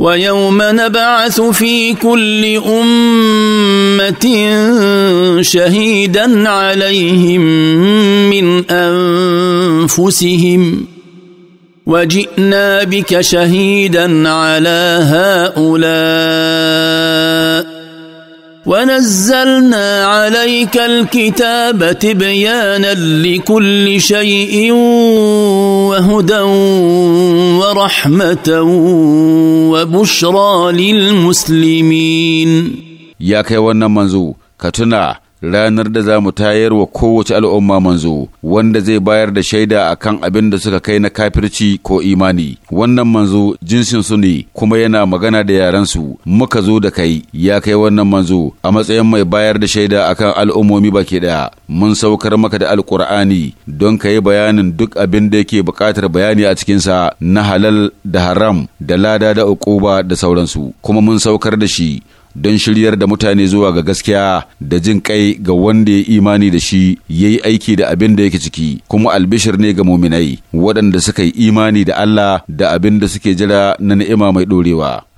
ويوم نبعث في كل امه شهيدا عليهم من انفسهم وجئنا بك شهيدا على هؤلاء ونزلنا عليك الكتاب تبيانا لكل شيء وهدى ورحمه وبشرى للمسلمين يا كيوانا منزو كتنا ranar da za mu tayar wa kowace al'umma manzo wanda zai bayar da shaida a kan abin da suka kai na kafirci ko imani wannan manzo jinsin su ne kuma yana magana da yarensu muka zo da kai ya kai wannan manzo a matsayin mai bayar da shaida a kan al'ummomi baki ɗaya mun saukar maka da alƙur'ani don ka yi bayanin duk abin da yake buƙatar bayani a cikinsa na halal da haram da lada da uquba da sauransu kuma mun saukar da shi don shiryar da mutane zuwa ga gaskiya da jin kai ga wanda ya imani da shi ya yi aiki da abin da yake ciki kuma albishir ne ga muminai waɗanda suka yi imani da Allah da abin da suke jira na ni'ima mai ɗorewa.